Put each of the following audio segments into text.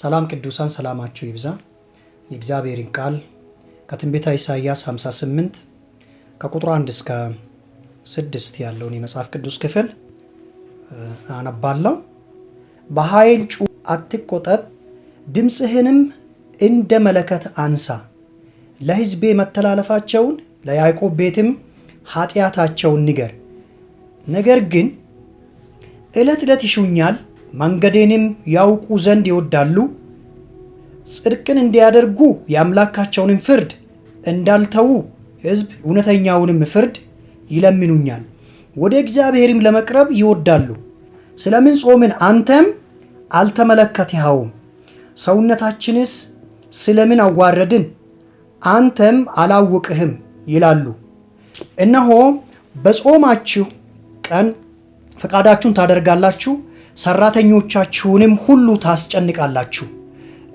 ሰላም ቅዱሳን ሰላማችሁ ይብዛ። የእግዚአብሔርን ቃል ከትንቢተ ኢሳይያስ 58 ከቁጥር 1 እስከ 6 ያለውን የመጽሐፍ ቅዱስ ክፍል አነባለሁ። በኃይል ጩ፣ አትቆጠብ፣ ድምፅህንም እንደ መለከት አንሳ። ለሕዝቤ መተላለፋቸውን ለያዕቆብ ቤትም ኃጢአታቸውን ንገር። ነገር ግን ዕለት ዕለት ይሹኛል መንገዴንም ያውቁ ዘንድ ይወዳሉ፣ ጽድቅን እንዲያደርጉ የአምላካቸውንም ፍርድ እንዳልተዉ ሕዝብ እውነተኛውንም ፍርድ ይለምኑኛል፣ ወደ እግዚአብሔርም ለመቅረብ ይወዳሉ። ስለምን ጾምን አንተም አልተመለከትኸውም? ሰውነታችንስ ስለምን አዋረድን? አንተም አላወቅህም ይላሉ። እነሆ በጾማችሁ ቀን ፈቃዳችሁን ታደርጋላችሁ ሰራተኞቻችሁንም ሁሉ ታስጨንቃላችሁ።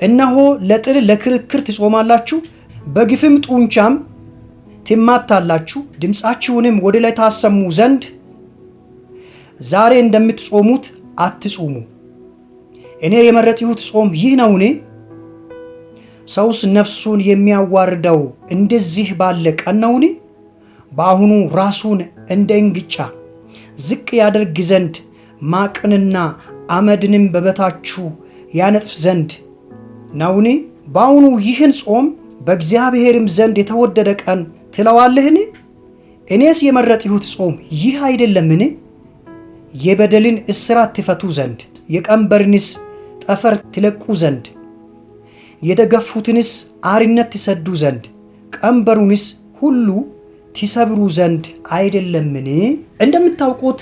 እነሆ ለጥል ለክርክር ትጾማላችሁ፣ በግፍም ጡንቻም ትማታላችሁ። ድምፃችሁንም ወደ ላይ ታሰሙ ዘንድ ዛሬ እንደምትጾሙት አትጹሙ። እኔ የመረጥሁት ጾም ይህ ነውን? ሰውስ ነፍሱን የሚያዋርደው እንደዚህ ባለ ቀን ነውን? በአሁኑ ራሱን እንደ እንግጫ ዝቅ ያደርግ ዘንድ ማቅንና አመድንም በበታችሁ ያነጥፍ ዘንድ ነውኔ? በአሁኑ ይህን ጾም በእግዚአብሔርም ዘንድ የተወደደ ቀን ትለዋለህን? እኔስ የመረጥሁት ጾም ይህ አይደለምን? የበደልን እስራት ትፈቱ ዘንድ፣ የቀንበርንስ ጠፈር ትለቁ ዘንድ፣ የተገፉትንስ አርነት ትሰዱ ዘንድ፣ ቀንበሩንስ ሁሉ ትሰብሩ ዘንድ አይደለምን? እንደምታውቁት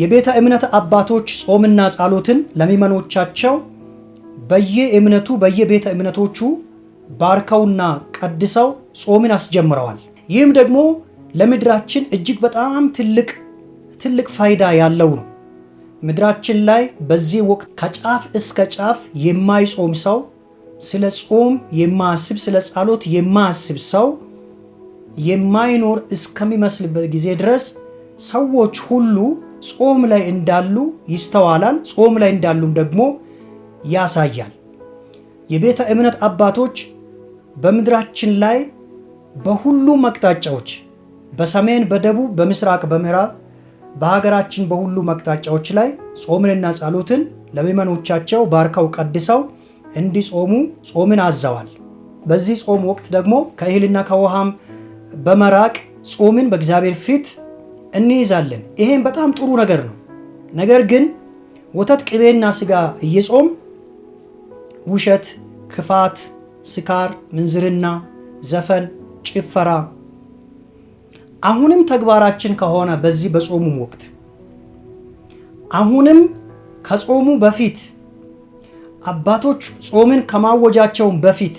የቤተ እምነት አባቶች ጾምና ጸሎትን ለሚመኖቻቸው በየእምነቱ በየቤተ እምነቶቹ ባርከውና ቀድሰው ጾምን አስጀምረዋል። ይህም ደግሞ ለምድራችን እጅግ በጣም ትልቅ ትልቅ ፋይዳ ያለው ነው። ምድራችን ላይ በዚህ ወቅት ከጫፍ እስከ ጫፍ የማይጾም ሰው፣ ስለ ጾም የማያስብ፣ ስለ ጸሎት የማያስብ ሰው የማይኖር እስከሚመስልበት ጊዜ ድረስ ሰዎች ሁሉ ጾም ላይ እንዳሉ ይስተዋላል። ጾም ላይ እንዳሉም ደግሞ ያሳያል። የቤተ እምነት አባቶች በምድራችን ላይ በሁሉም አቅጣጫዎች በሰሜን፣ በደቡብ፣ በምስራቅ፣ በምዕራብ በሀገራችን በሁሉም አቅጣጫዎች ላይ ጾምንና ጸሎትን ለምዕመኖቻቸው ባርከው ቀድሰው እንዲጾሙ ጾምን አዘዋል። በዚህ ጾም ወቅት ደግሞ ከእህልና ከውሃም በመራቅ ጾምን በእግዚአብሔር ፊት እንይዛለን። ይሄም በጣም ጥሩ ነገር ነው። ነገር ግን ወተት፣ ቅቤና ስጋ እየጾም ውሸት፣ ክፋት፣ ስካር፣ ምንዝርና፣ ዘፈን፣ ጭፈራ አሁንም ተግባራችን ከሆነ በዚህ በጾሙም ወቅት አሁንም ከጾሙ በፊት አባቶች ጾምን ከማወጃቸውን በፊት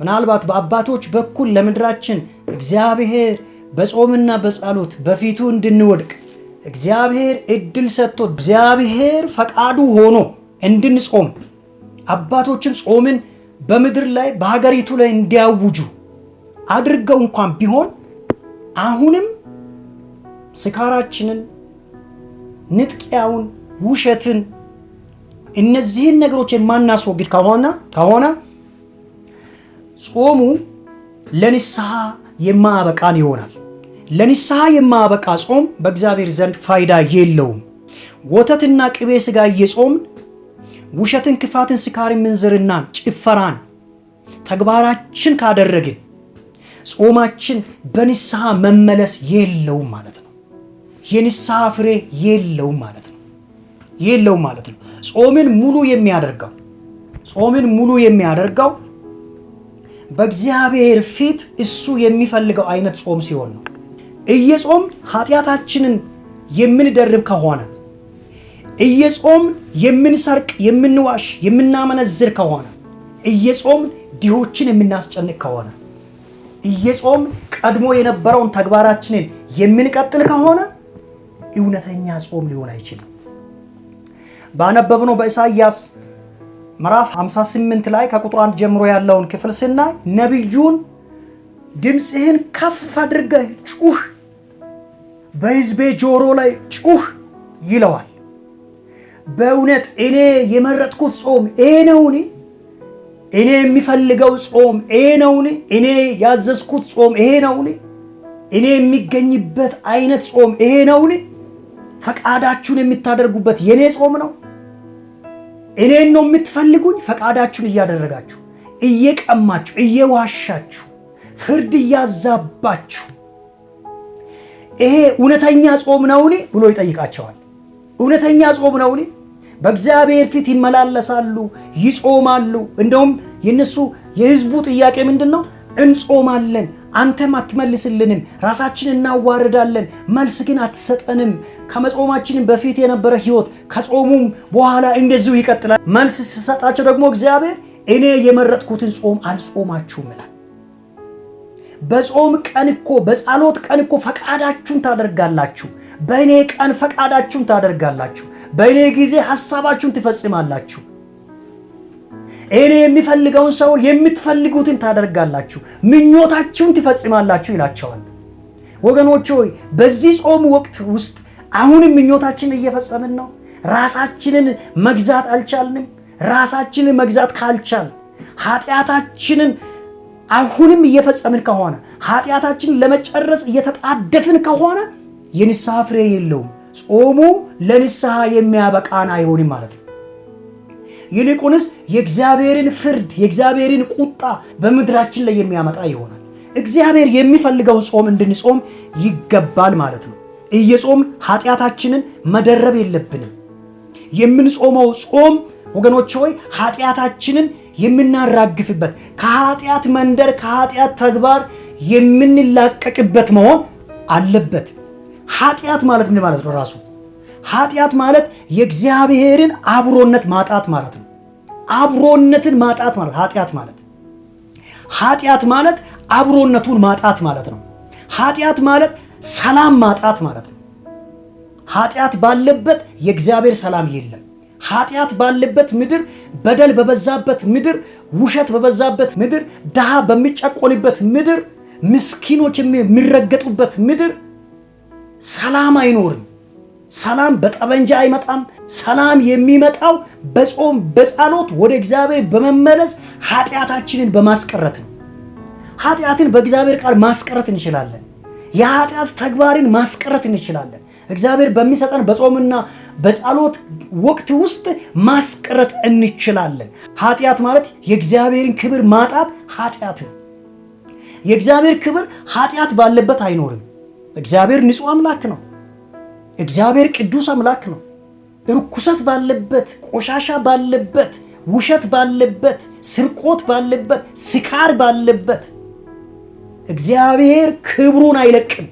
ምናልባት በአባቶች በኩል ለምድራችን እግዚአብሔር በጾምና በጸሎት በፊቱ እንድንወድቅ እግዚአብሔር እድል ሰጥቶ እግዚአብሔር ፈቃዱ ሆኖ እንድንጾም አባቶችም ጾምን በምድር ላይ በሀገሪቱ ላይ እንዲያውጁ አድርገው እንኳን ቢሆን አሁንም ስካራችንን፣ ንጥቂያውን፣ ውሸትን እነዚህን ነገሮች የማናስወግድ ከሆነ ከሆነ ጾሙ ለንስሐ የማያበቃን ይሆናል። ለንስሐ የማያበቃ ጾም በእግዚአብሔር ዘንድ ፋይዳ የለውም። ወተትና ቅቤ ሥጋ እየጾምን ውሸትን፣ ክፋትን፣ ስካሪ፣ ምንዝርናን፣ ጭፈራን ተግባራችን ካደረግን ጾማችን በንስሐ መመለስ የለውም ማለት ነው። የንስሐ ፍሬ የለውም ማለት ነው። የለውም ማለት ነው። ጾምን ሙሉ የሚያደርገው ጾምን ሙሉ የሚያደርገው በእግዚአብሔር ፊት እሱ የሚፈልገው አይነት ጾም ሲሆን ነው። እየጾም ኃጢአታችንን የምንደርብ ከሆነ እየጾም የምንሰርቅ፣ የምንዋሽ፣ የምናመነዝር ከሆነ እየጾም ድሆችን የምናስጨንቅ ከሆነ እየጾም ቀድሞ የነበረውን ተግባራችንን የምንቀጥል ከሆነ እውነተኛ ጾም ሊሆን አይችልም። ባነበብነው በኢሳይያስ ምዕራፍ 58 ላይ ከቁጥር 1 ጀምሮ ያለውን ክፍል ስናይ ነቢዩን ድምፅህን ከፍ አድርገህ ጩህ፣ በህዝቤ ጆሮ ላይ ጩህ ይለዋል። በእውነት እኔ የመረጥኩት ጾም ኤ ነውን? እኔ የሚፈልገው ጾም ኤ ነውን? እኔ ያዘዝኩት ጾም ይሄ ነውን? እኔ የሚገኝበት አይነት ጾም ይሄ ነውን? ፈቃዳችሁን የምታደርጉበት የኔ ጾም ነው እኔን ነው የምትፈልጉኝ? ፈቃዳችሁን እያደረጋችሁ እየቀማችሁ እየዋሻችሁ ፍርድ እያዛባችሁ ይሄ እውነተኛ ጾም ነውን ብሎ ይጠይቃቸዋል። እውነተኛ ጾም ነውን? በእግዚአብሔር ፊት ይመላለሳሉ፣ ይጾማሉ። እንደውም የነሱ የህዝቡ ጥያቄ ምንድን ነው? እንጾማለን አንተም አትመልስልንም፣ ራሳችን እናዋርዳለን፣ መልስ ግን አትሰጠንም። ከመጾማችን በፊት የነበረ ህይወት ከጾሙም በኋላ እንደዚሁ ይቀጥላል። መልስ ስሰጣቸው ደግሞ እግዚአብሔር እኔ የመረጥኩትን ጾም አልጾማችሁም ይላል። በጾም ቀን እኮ በጸሎት ቀን እኮ ፈቃዳችሁን ታደርጋላችሁ። በእኔ ቀን ፈቃዳችሁን ታደርጋላችሁ። በእኔ ጊዜ ሐሳባችሁን ትፈጽማላችሁ። እኔ የሚፈልገውን ሰውን የምትፈልጉትን ታደርጋላችሁ፣ ምኞታችሁን ትፈጽማላችሁ ይላቸዋል። ወገኖች ሆይ በዚህ ጾም ወቅት ውስጥ አሁንም ምኞታችንን እየፈጸምን ነው። ራሳችንን መግዛት አልቻልንም። ራሳችንን መግዛት ካልቻል ኃጢአታችንን አሁንም እየፈጸምን ከሆነ ኃጢአታችንን ለመጨረስ እየተጣደፍን ከሆነ የንስሐ ፍሬ የለውም። ጾሙ ለንስሐ የሚያበቃን አይሆንም ማለት ነው። ይልቁንስ የእግዚአብሔርን ፍርድ የእግዚአብሔርን ቁጣ በምድራችን ላይ የሚያመጣ ይሆናል። እግዚአብሔር የሚፈልገው ጾም እንድንጾም ይገባል ማለት ነው። እየጾም ኃጢአታችንን መደረብ የለብንም። የምንጾመው ጾም ወገኖች ሆይ ኃጢአታችንን የምናራግፍበት ከኃጢአት መንደር ከኃጢአት ተግባር የምንላቀቅበት መሆን አለበት። ኃጢአት ማለት ምን ማለት ነው? ራሱ ኃጢአት ማለት የእግዚአብሔርን አብሮነት ማጣት ማለት ነው። አብሮነትን ማጣት ማለት ኃጢአት ማለት ኃጢአት ማለት አብሮነቱን ማጣት ማለት ነው። ኃጢአት ማለት ሰላም ማጣት ማለት ነው። ኃጢአት ባለበት የእግዚአብሔር ሰላም የለም። ኃጢአት ባለበት ምድር፣ በደል በበዛበት ምድር፣ ውሸት በበዛበት ምድር፣ ድሃ በሚጨቆንበት ምድር፣ ምስኪኖች የሚረገጡበት ምድር ሰላም አይኖርም። ሰላም በጠመንጃ አይመጣም። ሰላም የሚመጣው በጾም በጸሎት ወደ እግዚአብሔር በመመለስ ኃጢአታችንን በማስቀረት ነው። ኃጢአትን በእግዚአብሔር ቃል ማስቀረት እንችላለን። የኃጢአት ተግባርን ማስቀረት እንችላለን። እግዚአብሔር በሚሰጠን በጾምና በጸሎት ወቅት ውስጥ ማስቀረት እንችላለን። ኃጢአት ማለት የእግዚአብሔርን ክብር ማጣት ኃጢአት ነው። የእግዚአብሔር ክብር ኃጢአት ባለበት አይኖርም። እግዚአብሔር ንጹሕ አምላክ ነው። እግዚአብሔር ቅዱስ አምላክ ነው። ርኩሰት ባለበት፣ ቆሻሻ ባለበት፣ ውሸት ባለበት፣ ስርቆት ባለበት፣ ስካር ባለበት እግዚአብሔር ክብሩን አይለቅም።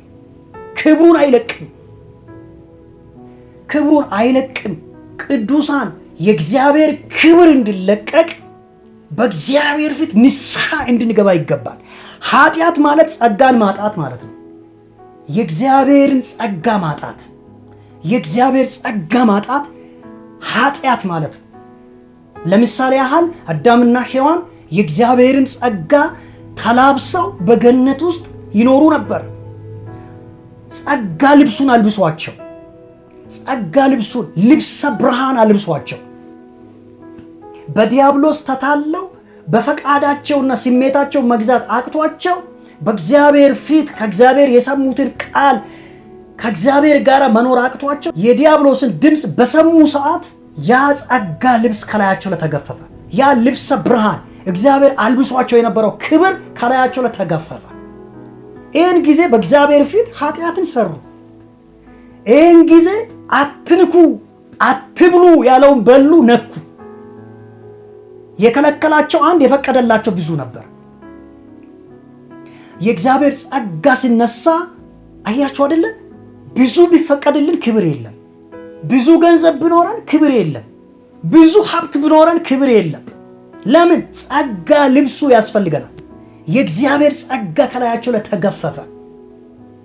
ክብሩን አይለቅም። ክብሩን አይለቅም። ቅዱሳን የእግዚአብሔር ክብር እንዲለቀቅ በእግዚአብሔር ፊት ንስሐ እንድንገባ ይገባል። ኃጢአት ማለት ጸጋን ማጣት ማለት ነው። የእግዚአብሔርን ጸጋ ማጣት የእግዚአብሔር ጸጋ ማጣት ኃጢአት ማለት ነው። ለምሳሌ ያህል አዳምና ሔዋን የእግዚአብሔርን ጸጋ ተላብሰው በገነት ውስጥ ይኖሩ ነበር። ጸጋ ልብሱን አልብሷቸው፣ ጸጋ ልብሱን ልብሰ ብርሃን አልብሷቸው። በዲያብሎስ ተታለው በፈቃዳቸውና ስሜታቸው መግዛት አቅቷቸው በእግዚአብሔር ፊት ከእግዚአብሔር የሰሙትን ቃል ከእግዚአብሔር ጋር መኖር አቅቷቸው የዲያብሎስን ድምፅ በሰሙ ሰዓት ያ ጸጋ ልብስ ከላያቸው ላይ ተገፈፈ። ያ ልብሰ ብርሃን እግዚአብሔር አልብሷቸው የነበረው ክብር ከላያቸው ላይ ተገፈፈ። ይህን ጊዜ በእግዚአብሔር ፊት ኃጢአትን ሰሩ። ይህን ጊዜ አትንኩ፣ አትብሉ ያለውን በሉ፣ ነኩ። የከለከላቸው አንድ የፈቀደላቸው ብዙ ነበር። የእግዚአብሔር ጸጋ ሲነሳ አያቸው አይደለ? ብዙ ቢፈቀድልን ክብር የለም። ብዙ ገንዘብ ብኖረን ክብር የለም። ብዙ ሀብት ብኖረን ክብር የለም። ለምን? ጸጋ ልብሱ ያስፈልገናል። የእግዚአብሔር ጸጋ ከላያቸው ላይ ተገፈፈ።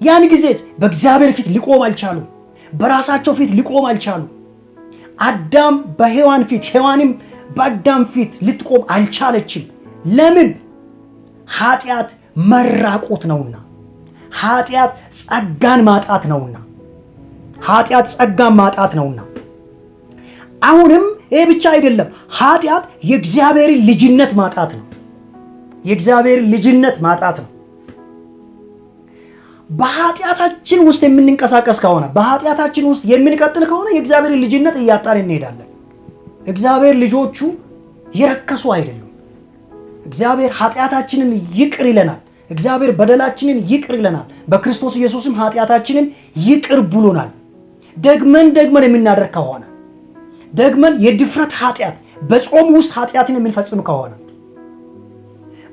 ያን ጊዜ በእግዚአብሔር ፊት ሊቆም አልቻሉም። በራሳቸው ፊት ሊቆም አልቻሉም። አዳም በሔዋን ፊት፣ ሔዋንም በአዳም ፊት ልትቆም አልቻለችም። ለምን? ኃጢአት መራቆት ነውና ኃጢአት ጸጋን ማጣት ነውና ኃጢአት ጸጋን ማጣት ነውና። አሁንም ይህ ብቻ አይደለም። ኃጢአት የእግዚአብሔርን ልጅነት ማጣት ነው። የእግዚአብሔር ልጅነት ማጣት ነው። በኃጢአታችን ውስጥ የምንንቀሳቀስ ከሆነ በኃጢአታችን ውስጥ የምንቀጥል ከሆነ የእግዚአብሔር ልጅነት እያጣን እንሄዳለን። እግዚአብሔር ልጆቹ የረከሱ አይደሉም። እግዚአብሔር ኃጢአታችንን ይቅር ይለናል። እግዚአብሔር በደላችንን ይቅር ይለናል። በክርስቶስ ኢየሱስም ኃጢአታችንን ይቅር ብሎናል። ደግመን ደግመን የምናደርግ ከሆነ ደግመን የድፍረት ኃጢአት በጾም ውስጥ ኃጢአትን የምንፈጽም ከሆነ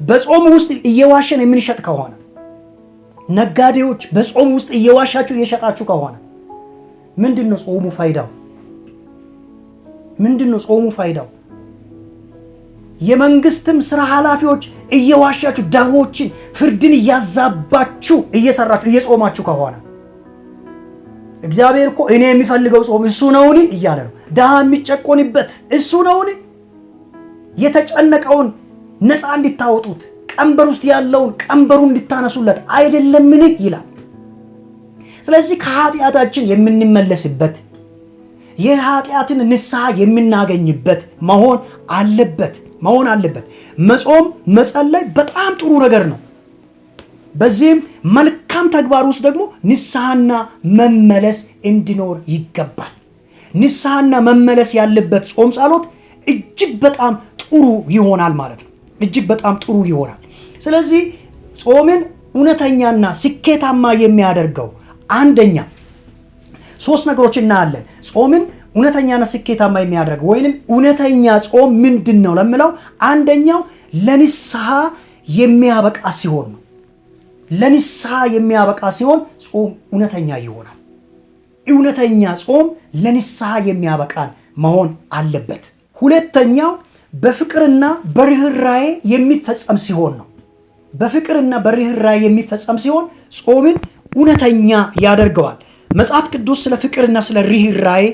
በጾም ውስጥ እየዋሸን የምንሸጥ ከሆነ ነጋዴዎች በጾም ውስጥ እየዋሻችሁ እየሸጣችሁ ከሆነ ምንድን ነው ጾሙ ፋይዳው? ምንድን ነው ጾሙ ፋይዳው? የመንግስትም ስራ ኃላፊዎች እየዋሻችሁ ደሆችን ፍርድን እያዛባችሁ እየሰራችሁ እየጾማችሁ ከሆነ እግዚአብሔር እኮ እኔ የሚፈልገው ጾም እሱ ነውን እያለ ነው። ድሃ የሚጨቆንበት እሱ ነውን? የተጨነቀውን ነፃ እንድታወጡት ቀንበር ውስጥ ያለውን ቀንበሩ እንድታነሱለት አይደለምን? ይላል። ስለዚህ ከኃጢአታችን የምንመለስበት የኃጢአትን ንስሐ የምናገኝበት መሆን አለበት መሆን አለበት። መጾም መጸለይ በጣም ጥሩ ነገር ነው። በዚህም መልካም ተግባር ውስጥ ደግሞ ንስሐና መመለስ እንዲኖር ይገባል። ንስሐና መመለስ ያለበት ጾም ጸሎት እጅግ በጣም ጥሩ ይሆናል ማለት ነው። እጅግ በጣም ጥሩ ይሆናል። ስለዚህ ጾምን እውነተኛና ስኬታማ የሚያደርገው አንደኛ ሶስት ነገሮች እናያለን። ጾምን እውነተኛና ስኬታማ የሚያደርግ ወይንም እውነተኛ ጾም ምንድን ነው ለምለው፣ አንደኛው ለንስሐ የሚያበቃ ሲሆን ነው። ለንስሐ የሚያበቃ ሲሆን ጾም እውነተኛ ይሆናል። እውነተኛ ጾም ለንስሐ የሚያበቃን መሆን አለበት። ሁለተኛው በፍቅርና በርኅራዬ የሚፈጸም ሲሆን ነው። በፍቅርና በርኅራዬ የሚፈጸም ሲሆን ጾምን እውነተኛ ያደርገዋል። መጽሐፍ ቅዱስ ስለ ፍቅርና ስለ ርኅራኄ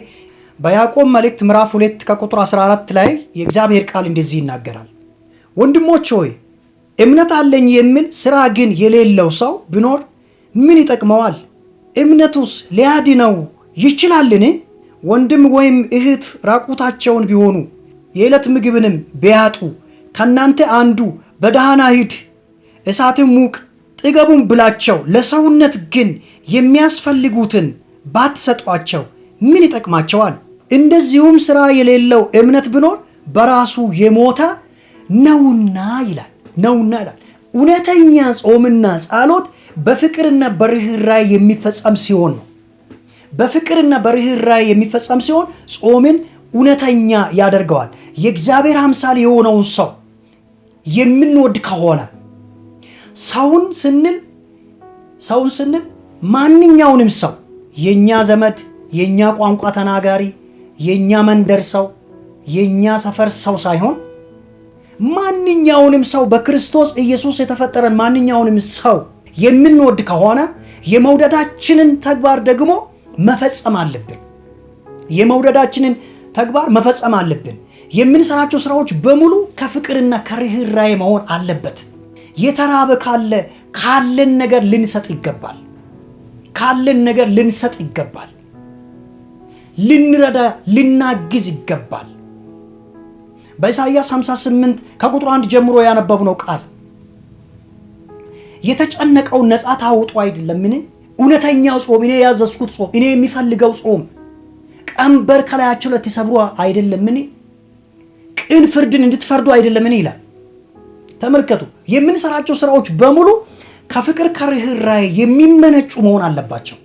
በያዕቆብ መልእክት ምዕራፍ 2 ከቁጥር 14 ላይ የእግዚአብሔር ቃል እንደዚህ ይናገራል። ወንድሞች ሆይ እምነት አለኝ የሚል ሥራ ግን የሌለው ሰው ቢኖር ምን ይጠቅመዋል? እምነቱስ ሊያድነው ይችላልን? ወንድም ወይም እህት ራቁታቸውን ቢሆኑ የዕለት ምግብንም ቢያጡ ከእናንተ አንዱ በደህና ሂድ፣ እሳትም ሙቅ ጥገቡን ብላቸው ለሰውነት ግን የሚያስፈልጉትን ባትሰጧቸው ምን ይጠቅማቸዋል? እንደዚሁም ሥራ የሌለው እምነት ብኖር በራሱ የሞተ ነውና ይላል ነውና ይላል። እውነተኛ ጾምና ጸሎት በፍቅርና በርኅራይ የሚፈጸም ሲሆን ነው። በፍቅርና በርኅራይ የሚፈጸም ሲሆን ጾምን እውነተኛ ያደርገዋል። የእግዚአብሔር አምሳል የሆነውን ሰው የምንወድ ከሆነ ሰውን ስንል ሰውን ስንል ማንኛውንም ሰው የኛ ዘመድ፣ የኛ ቋንቋ ተናጋሪ፣ የኛ መንደር ሰው፣ የኛ ሰፈር ሰው ሳይሆን ማንኛውንም ሰው በክርስቶስ ኢየሱስ የተፈጠረን ማንኛውንም ሰው የምንወድ ከሆነ የመውደዳችንን ተግባር ደግሞ መፈጸም አለብን። የመውደዳችንን ተግባር መፈጸም አለብን። የምንሰራቸው ስራዎች በሙሉ ከፍቅርና ከርህራዬ መሆን አለበት። የተራበ ካለ ካለን ነገር ልንሰጥ ይገባል። ካለን ነገር ልንሰጥ ይገባል። ልንረዳ ልናግዝ ይገባል። በኢሳይያስ 58 ከቁጥር 1 ጀምሮ ያነበብነው ቃል የተጨነቀውን ነፃ ታውጡ አይደለምን? እውነተኛው ጾም፣ እኔ ያዘዝኩት ጾም፣ እኔ የሚፈልገው ጾም፣ ቀንበር ከላያቸው ለተሰብሩ አይደለምን? ቅን ፍርድን እንድትፈርዱ አይደለምን? ይላል ተመልከቱ፣ የምንሰራቸው ስራዎች በሙሉ ከፍቅር ከርኅራኄ የሚመነጩ መሆን አለባቸው።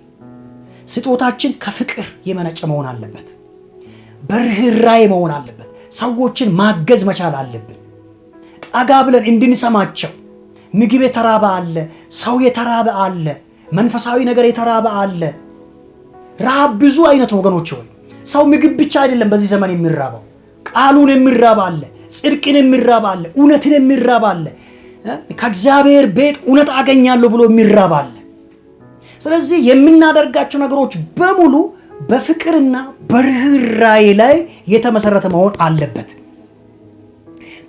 ስጦታችን ከፍቅር የመነጨ መሆን አለበት። በርኅራኄ መሆን አለበት። ሰዎችን ማገዝ መቻል አለብን። ጠጋ ብለን እንድንሰማቸው። ምግብ የተራበ አለ፣ ሰው የተራበ አለ፣ መንፈሳዊ ነገር የተራበ አለ። ረሃብ ብዙ አይነት ወገኖች ሆይ ሰው ምግብ ብቻ አይደለም በዚህ ዘመን የሚራበው ቃሉን የሚራባ አለ ጽድቅን የሚራባለ እውነትን የሚራባለ ከእግዚአብሔር ቤት እውነት አገኛለሁ ብሎ የሚራባለ ስለዚህ የምናደርጋቸው ነገሮች በሙሉ በፍቅርና በርኅራኄ ላይ የተመሰረተ መሆን አለበት።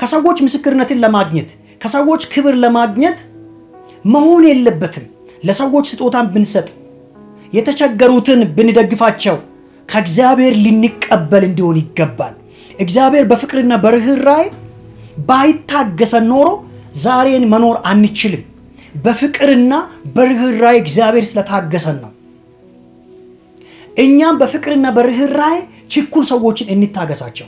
ከሰዎች ምስክርነትን ለማግኘት ከሰዎች ክብር ለማግኘት መሆን የለበትም። ለሰዎች ስጦታን ብንሰጥ፣ የተቸገሩትን ብንደግፋቸው ከእግዚአብሔር ልንቀበል እንዲሆን ይገባል። እግዚአብሔር በፍቅርና በርኅራይ ባይታገሰን ኖሮ ዛሬን መኖር አንችልም። በፍቅርና በርኅራይ እግዚአብሔር ስለታገሰን ነው። እኛም በፍቅርና በርኅራይ ችኩል ሰዎችን እንታገሳቸው።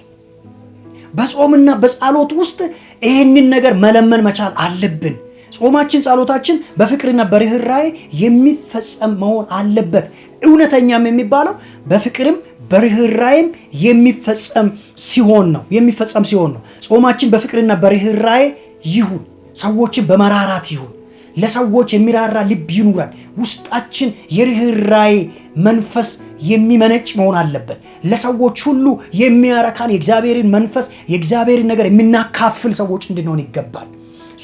በጾምና በጸሎት ውስጥ ይህንን ነገር መለመን መቻል አለብን። ጾማችን፣ ጸሎታችን በፍቅርና በርኅራይ የሚፈጸም መሆን አለበት። እውነተኛም የሚባለው በፍቅርም በርህራይም የሚፈጸም ሲሆን ነው የሚፈጸም ሲሆን ነው። ጾማችን በፍቅርና በርህራይ ይሁን፣ ሰዎችን በመራራት ይሁን። ለሰዎች የሚራራ ልብ ይኑረን። ውስጣችን የርህራይ መንፈስ የሚመነጭ መሆን አለበት። ለሰዎች ሁሉ የሚያረካን የእግዚአብሔርን መንፈስ የእግዚአብሔርን ነገር የምናካፍል ሰዎች እንድንሆን ይገባል።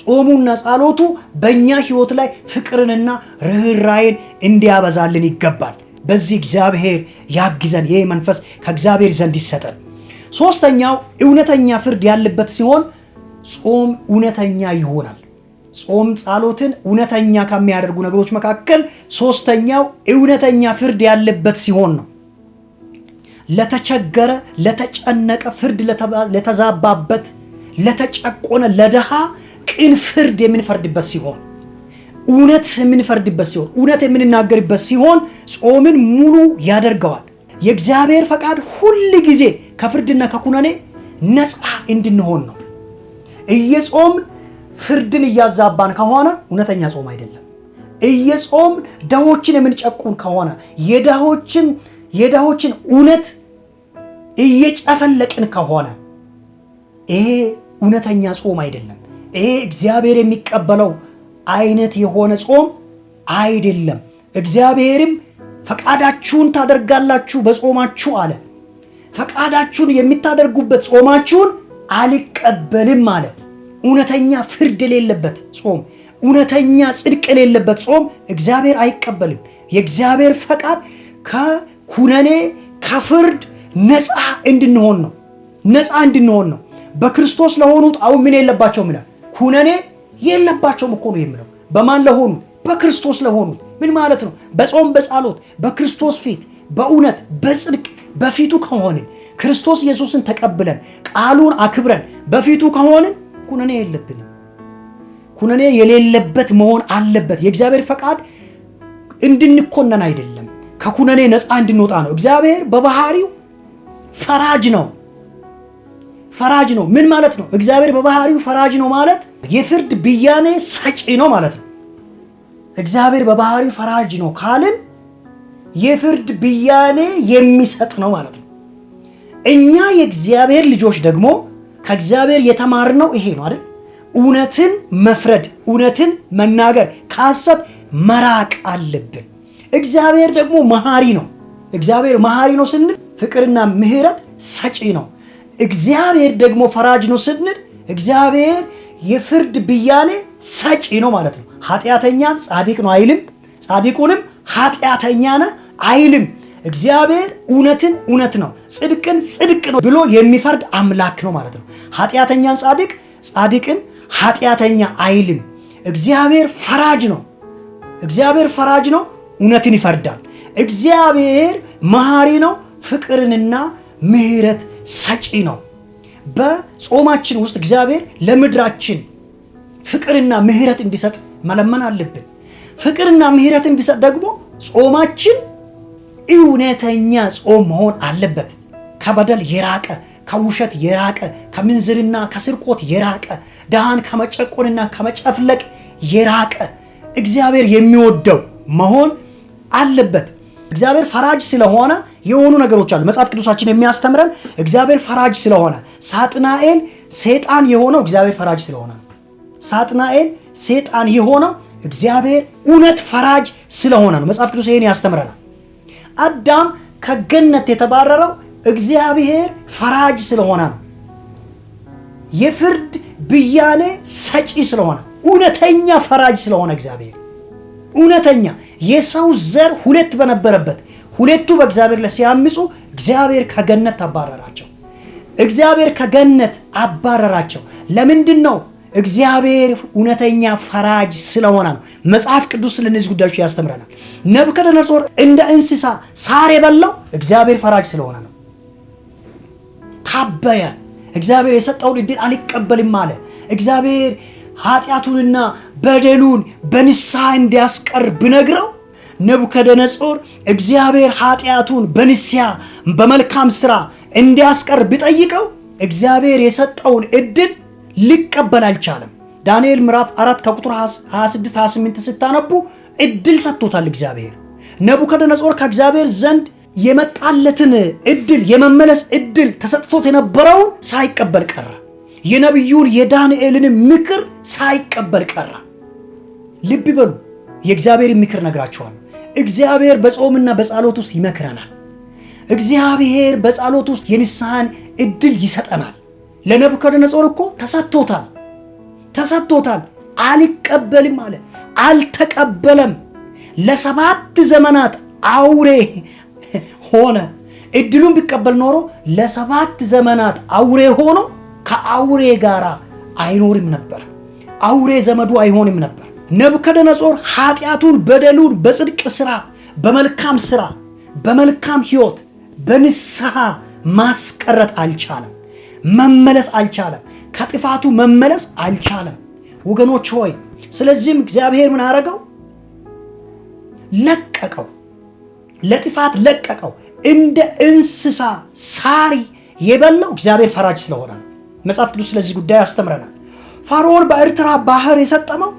ጾሙና ጸሎቱ በእኛ ሕይወት ላይ ፍቅርንና ርህራይን እንዲያበዛልን ይገባል። በዚህ እግዚአብሔር ያግዘን። ይህ መንፈስ ከእግዚአብሔር ዘንድ ይሰጠን። ሶስተኛው እውነተኛ ፍርድ ያለበት ሲሆን ጾም እውነተኛ ይሆናል። ጾም ጸሎትን እውነተኛ ከሚያደርጉ ነገሮች መካከል ሶስተኛው እውነተኛ ፍርድ ያለበት ሲሆን ነው። ለተቸገረ፣ ለተጨነቀ፣ ፍርድ ለተዛባበት፣ ለተጨቆነ፣ ለድሃ ቅን ፍርድ የምንፈርድበት ሲሆን እውነት የምንፈርድበት ሲሆን እውነት የምንናገርበት ሲሆን ጾምን ሙሉ ያደርገዋል። የእግዚአብሔር ፈቃድ ሁል ጊዜ ከፍርድና ከኩነኔ ነፃ እንድንሆን ነው። እየጾም ፍርድን እያዛባን ከሆነ እውነተኛ ጾም አይደለም። እየጾም ደሆችን የምንጨቁን ከሆነ የዳሆችን የዳሆችን እውነት እየጨፈለቅን ከሆነ ይሄ እውነተኛ ጾም አይደለም። ይሄ እግዚአብሔር የሚቀበለው አይነት የሆነ ጾም አይደለም። እግዚአብሔርም ፈቃዳችሁን ታደርጋላችሁ በጾማችሁ አለ። ፈቃዳችሁን የሚታደርጉበት ጾማችሁን አልቀበልም አለ። እውነተኛ ፍርድ የሌለበት ጾም፣ እውነተኛ ጽድቅ የሌለበት ጾም እግዚአብሔር አይቀበልም። የእግዚአብሔር ፈቃድ ከኩነኔ ከፍርድ ነፃ እንድንሆን ነው። ነፃ እንድንሆን ነው። በክርስቶስ ለሆኑት አሁን ምን የለባቸውም ይላል ኩነኔ የለባቸውም እኮ ነው የምለው። በማን ለሆኑ በክርስቶስ ለሆኑ ምን ማለት ነው? በጾም በጸሎት በክርስቶስ ፊት በእውነት በጽድቅ በፊቱ ከሆንን ክርስቶስ ኢየሱስን ተቀብለን ቃሉን አክብረን በፊቱ ከሆንን ኩነኔ የለብንም። ኩነኔ የሌለበት መሆን አለበት። የእግዚአብሔር ፈቃድ እንድንኮነን አይደለም፣ ከኩነኔ ነፃ እንድንወጣ ነው። እግዚአብሔር በባህሪው ፈራጅ ነው። ፈራጅ ነው። ምን ማለት ነው? እግዚአብሔር በባህሪው ፈራጅ ነው ማለት የፍርድ ብያኔ ሰጪ ነው ማለት ነው። እግዚአብሔር በባህሪው ፈራጅ ነው ካልን የፍርድ ብያኔ የሚሰጥ ነው ማለት ነው። እኛ የእግዚአብሔር ልጆች ደግሞ ከእግዚአብሔር የተማርነው ይሄ ነው አይደል? እውነትን መፍረድ፣ እውነትን መናገር፣ ከሐሰት መራቅ አለብን። እግዚአብሔር ደግሞ መሐሪ ነው። እግዚአብሔር መሐሪ ነው ስንል ፍቅርና ምሕረት ሰጪ ነው። እግዚአብሔር ደግሞ ፈራጅ ነው ስንል እግዚአብሔር የፍርድ ብያኔ ሰጪ ነው ማለት ነው። ኃጢአተኛን ጻድቅ ነው አይልም፣ ጻድቁንም ኃጢአተኛ ነህ አይልም። እግዚአብሔር እውነትን እውነት ነው፣ ጽድቅን ጽድቅ ነው ብሎ የሚፈርድ አምላክ ነው ማለት ነው። ኃጢአተኛን ጻድቅ፣ ጻድቅን ኃጢአተኛ አይልም። እግዚአብሔር ፈራጅ ነው። እግዚአብሔር ፈራጅ ነው፣ እውነትን ይፈርዳል። እግዚአብሔር መሐሪ ነው፣ ፍቅርንና ምሕረት ሰጪ ነው። በጾማችን ውስጥ እግዚአብሔር ለምድራችን ፍቅርና ምሕረት እንዲሰጥ መለመን አለብን። ፍቅርና ምሕረት እንዲሰጥ ደግሞ ጾማችን እውነተኛ ጾም መሆን አለበት። ከበደል የራቀ ከውሸት የራቀ ከምንዝርና ከስርቆት የራቀ ድሃን ከመጨቆንና ከመጨፍለቅ የራቀ እግዚአብሔር የሚወደው መሆን አለበት። እግዚአብሔር ፈራጅ ስለሆነ የሆኑ ነገሮች አሉ። መጽሐፍ ቅዱሳችን የሚያስተምረን እግዚአብሔር ፈራጅ ስለሆነ ሳጥናኤል ሴጣን የሆነው እግዚአብሔር ፈራጅ ስለሆነ ሳጥናኤል ሴጣን የሆነው እግዚአብሔር እውነት ፈራጅ ስለሆነ ነው። መጽሐፍ ቅዱስ ይሄን ያስተምረናል። አዳም ከገነት የተባረረው እግዚአብሔር ፈራጅ ስለሆነ ነው። የፍርድ ብያኔ ሰጪ ስለሆነ እውነተኛ ፈራጅ ስለሆነ እግዚአብሔር እውነተኛ የሰው ዘር ሁለት በነበረበት ሁለቱ በእግዚአብሔር ላይ ሲያምፁ እግዚአብሔር ከገነት አባረራቸው። እግዚአብሔር ከገነት አባረራቸው። ለምንድን ነው? እግዚአብሔር እውነተኛ ፈራጅ ስለሆነ ነው። መጽሐፍ ቅዱስ ለነዚህ ጉዳዮች ያስተምረናል። ነብከደነጾር እንደ እንስሳ ሳር የበላው እግዚአብሔር ፈራጅ ስለሆነ ነው። ታበየ። እግዚአብሔር የሰጠውን እድል አልቀበልም አለ። እግዚአብሔር ኃጢአቱንና በደሉን በንስሐ እንዲያስቀር ብነግረው ነቡከደነጾር እግዚአብሔር ኃጢአቱን በንስያ በመልካም ስራ እንዲያስቀር ቢጠይቀው እግዚአብሔር የሰጠውን እድል ሊቀበል አልቻለም። ዳንኤል ምዕራፍ 4 ከቁጥር 26 28 ስታነቡ እድል ሰጥቶታል እግዚአብሔር። ነቡከደነጾር ከእግዚአብሔር ዘንድ የመጣለትን እድል የመመለስ እድል ተሰጥቶት የነበረውን ሳይቀበል ቀረ። የነቢዩን የዳንኤልን ምክር ሳይቀበል ቀረ። ልብ ይበሉ የእግዚአብሔር ምክር ነግራቸዋል። እግዚአብሔር በጾምና በጸሎት ውስጥ ይመክረናል። እግዚአብሔር በጸሎት ውስጥ የንስሐን እድል ይሰጠናል። ለነቡከደነጾር እኮ ተሰጥቶታል ተሰጥቶታል። አልቀበልም አለ፣ አልተቀበለም። ለሰባት ዘመናት አውሬ ሆነ። እድሉን ቢቀበል ኖሮ ለሰባት ዘመናት አውሬ ሆኖ ከአውሬ ጋር አይኖርም ነበር። አውሬ ዘመዱ አይሆንም ነበር። ነቡከደነጾር ኃጢአቱን፣ በደሉን በጽድቅ ስራ፣ በመልካም ስራ፣ በመልካም ህይወት፣ በንስሐ ማስቀረት አልቻለም። መመለስ አልቻለም። ከጥፋቱ መመለስ አልቻለም ወገኖች ሆይ። ስለዚህም እግዚአብሔር ምን አረገው? ለቀቀው፣ ለጥፋት ለቀቀው። እንደ እንስሳ ሳሪ የበላው እግዚአብሔር ፈራጅ ስለሆነ መጽሐፍ ቅዱስ ስለዚህ ጉዳይ ያስተምረናል። ፈርዖን በኤርትራ ባህር የሰጠመው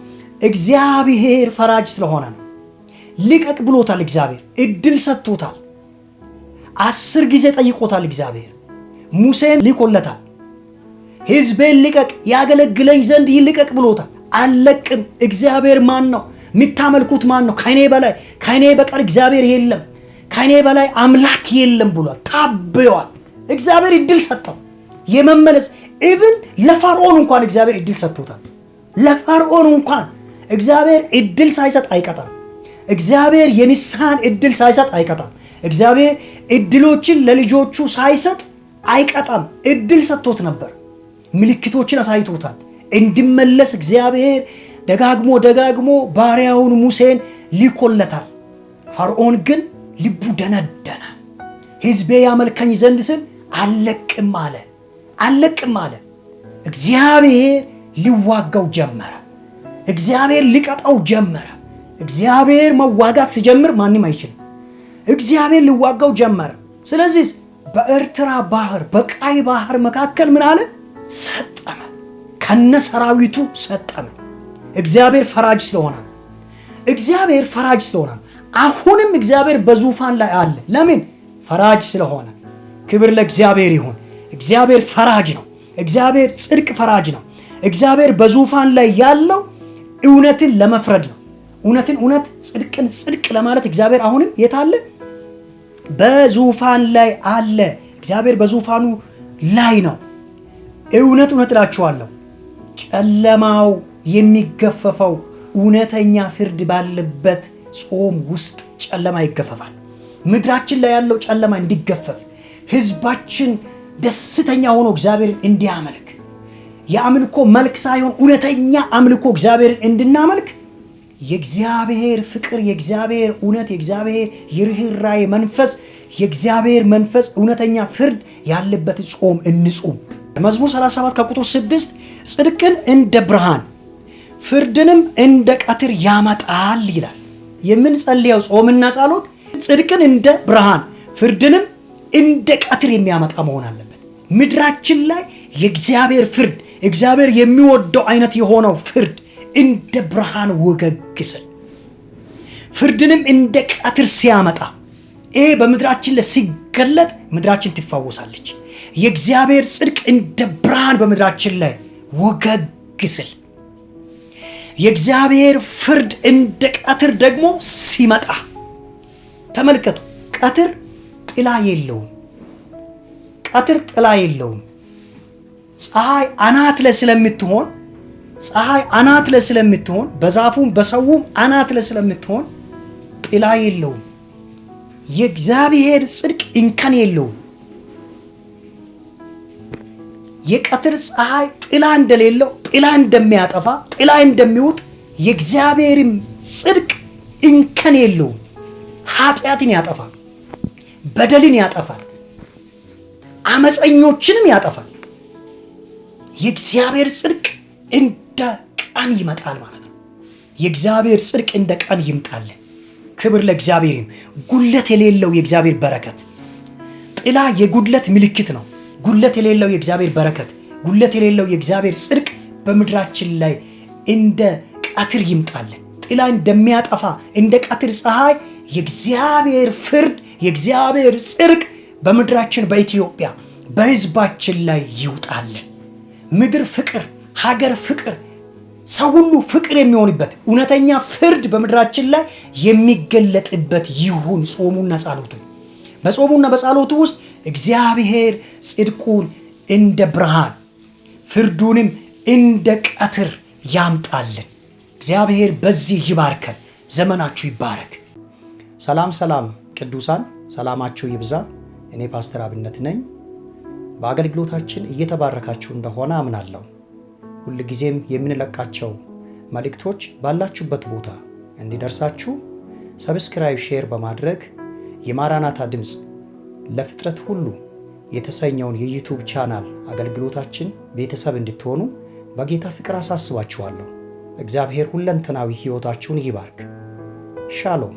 እግዚአብሔር ፈራጅ ስለሆነ ነው። ልቀቅ ብሎታል። እግዚአብሔር እድል ሰጥቶታል። አስር ጊዜ ጠይቆታል። እግዚአብሔር ሙሴን ሊቆለታል ህዝቤን ልቀቅ ያገለግለኝ ዘንድ ይህ ልቀቅ ብሎታል። አለቅም። እግዚአብሔር ማን ነው? የምታመልኩት ማን ነው? ከእኔ በላይ ከእኔ በቀር እግዚአብሔር የለም፣ ከእኔ በላይ አምላክ የለም ብሏል። ታብየዋል። እግዚአብሔር እድል ሰጠው የመመለስ ኢቭን ለፈርዖን እንኳን እግዚአብሔር እድል ሰጥቶታል። ለፈርዖን እንኳን እግዚአብሔር እድል ሳይሰጥ አይቀጣም። እግዚአብሔር የንስሐን እድል ሳይሰጥ አይቀጣም። እግዚአብሔር እድሎችን ለልጆቹ ሳይሰጥ አይቀጣም። እድል ሰጥቶት ነበር። ምልክቶችን አሳይቶታል። እንዲመለስ እግዚአብሔር ደጋግሞ ደጋግሞ ባሪያውን ሙሴን ሊኮለታል ፈርዖን ግን ልቡ ደነደነ። ሕዝቤ ያመልከኝ ዘንድ ስል አለቅም አለ አለቅም አለ። እግዚአብሔር ሊዋጋው ጀመረ። እግዚአብሔር ሊቀጣው ጀመረ። እግዚአብሔር መዋጋት ሲጀምር ማንም አይችልም። እግዚአብሔር ሊዋጋው ጀመረ። ስለዚህ በኤርትራ ባህር በቀይ ባህር መካከል ምን አለ? ሰጠመ፣ ከነ ሰራዊቱ ሰጠመ። እግዚአብሔር ፈራጅ ስለሆነ እግዚአብሔር ፈራጅ ስለሆነ አሁንም እግዚአብሔር በዙፋን ላይ አለ። ለምን? ፈራጅ ስለሆነ። ክብር ለእግዚአብሔር ይሁን። እግዚአብሔር ፈራጅ ነው። እግዚአብሔር ጽድቅ ፈራጅ ነው። እግዚአብሔር በዙፋን ላይ ያለው እውነትን ለመፍረድ ነው። እውነትን እውነት፣ ጽድቅን ጽድቅ ለማለት እግዚአብሔር አሁንም የት አለ? በዙፋን ላይ አለ። እግዚአብሔር በዙፋኑ ላይ ነው። እውነት እውነት እላችኋለሁ ጨለማው የሚገፈፈው እውነተኛ ፍርድ ባለበት ጾም ውስጥ ጨለማ ይገፈፋል። ምድራችን ላይ ያለው ጨለማ እንዲገፈፍ ህዝባችን ደስተኛ ሆኖ እግዚአብሔር እንዲያመልክ የአምልኮ መልክ ሳይሆን እውነተኛ አምልኮ እግዚአብሔርን እንድናመልክ የእግዚአብሔር ፍቅር፣ የእግዚአብሔር እውነት፣ የእግዚአብሔር የርኅራኄ መንፈስ፣ የእግዚአብሔር መንፈስ እውነተኛ ፍርድ ያለበት ጾም እንጹም። መዝሙር 37 ከቁጥር 6 ጽድቅን እንደ ብርሃን ፍርድንም እንደ ቀትር ያመጣል ይላል። የምንጸልየው ጾምና ጸሎት ጽድቅን እንደ ብርሃን ፍርድንም እንደ ቀትር የሚያመጣ መሆን አለበት። ምድራችን ላይ የእግዚአብሔር ፍርድ እግዚአብሔር የሚወደው አይነት የሆነው ፍርድ እንደ ብርሃን ወገግ ስል ፍርድንም እንደ ቀትር ሲያመጣ ይሄ በምድራችን ላይ ሲገለጥ ምድራችን ትፋወሳለች። የእግዚአብሔር ጽድቅ እንደ ብርሃን በምድራችን ላይ ወገግስል ስል የእግዚአብሔር ፍርድ እንደ ቀትር ደግሞ ሲመጣ ተመልከቱ። ቀትር ጥላ የለውም። ቀትር ጥላ የለውም። ፀሐይ አናት ለ ስለምትሆን ፀሐይ አናት ለ ስለምትሆን በዛፉም በሰውም አናት ለ ስለምትሆን ጥላ የለውም። የእግዚአብሔር ጽድቅ እንከን የለውም። የቀትር ፀሐይ ጥላ እንደሌለው ጥላ እንደሚያጠፋ ጥላ እንደሚውጥ የእግዚአብሔርም ጽድቅ እንከን የለውም። ኃጢአትን ያጠፋል፣ በደልን ያጠፋል፣ አመፀኞችንም ያጠፋል። የእግዚአብሔር ጽድቅ እንደ ቀን ይመጣል ማለት ነው። የእግዚአብሔር ጽድቅ እንደ ቀን ይምጣልን። ክብር ለእግዚአብሔርም። ጉለት የሌለው የእግዚአብሔር በረከት ጥላ የጉለት ምልክት ነው። ጉለት የሌለው የእግዚአብሔር በረከት፣ ጉለት የሌለው የእግዚአብሔር ጽድቅ በምድራችን ላይ እንደ ቀትር ይምጣልን። ጥላ እንደሚያጠፋ እንደ ቀትር ፀሐይ የእግዚአብሔር ፍርድ የእግዚአብሔር ጽድቅ በምድራችን በኢትዮጵያ በሕዝባችን ላይ ይውጣልን። ምድር ፍቅር፣ ሀገር ፍቅር፣ ሰው ሁሉ ፍቅር የሚሆንበት እውነተኛ ፍርድ በምድራችን ላይ የሚገለጥበት ይሁን ጾሙና ጸሎቱ። በጾሙና በጸሎቱ ውስጥ እግዚአብሔር ጽድቁን እንደ ብርሃን ፍርዱንም እንደ ቀትር ያምጣልን። እግዚአብሔር በዚህ ይባርከን። ዘመናችሁ ይባረክ። ሰላም ሰላም፣ ቅዱሳን ሰላማችሁ ይብዛ። እኔ ፓስተር አብነት ነኝ። በአገልግሎታችን እየተባረካችሁ እንደሆነ አምናለሁ። ሁልጊዜም የምንለቃቸው መልእክቶች ባላችሁበት ቦታ እንዲደርሳችሁ ሰብስክራይብ፣ ሼር በማድረግ የማራናታ ድምፅ ለፍጥረት ሁሉ የተሰኘውን የዩቱብ ቻናል አገልግሎታችን ቤተሰብ እንድትሆኑ በጌታ ፍቅር አሳስባችኋለሁ። እግዚአብሔር ሁለንተናዊ ሕይወታችሁን ይባርክ። ሻሎም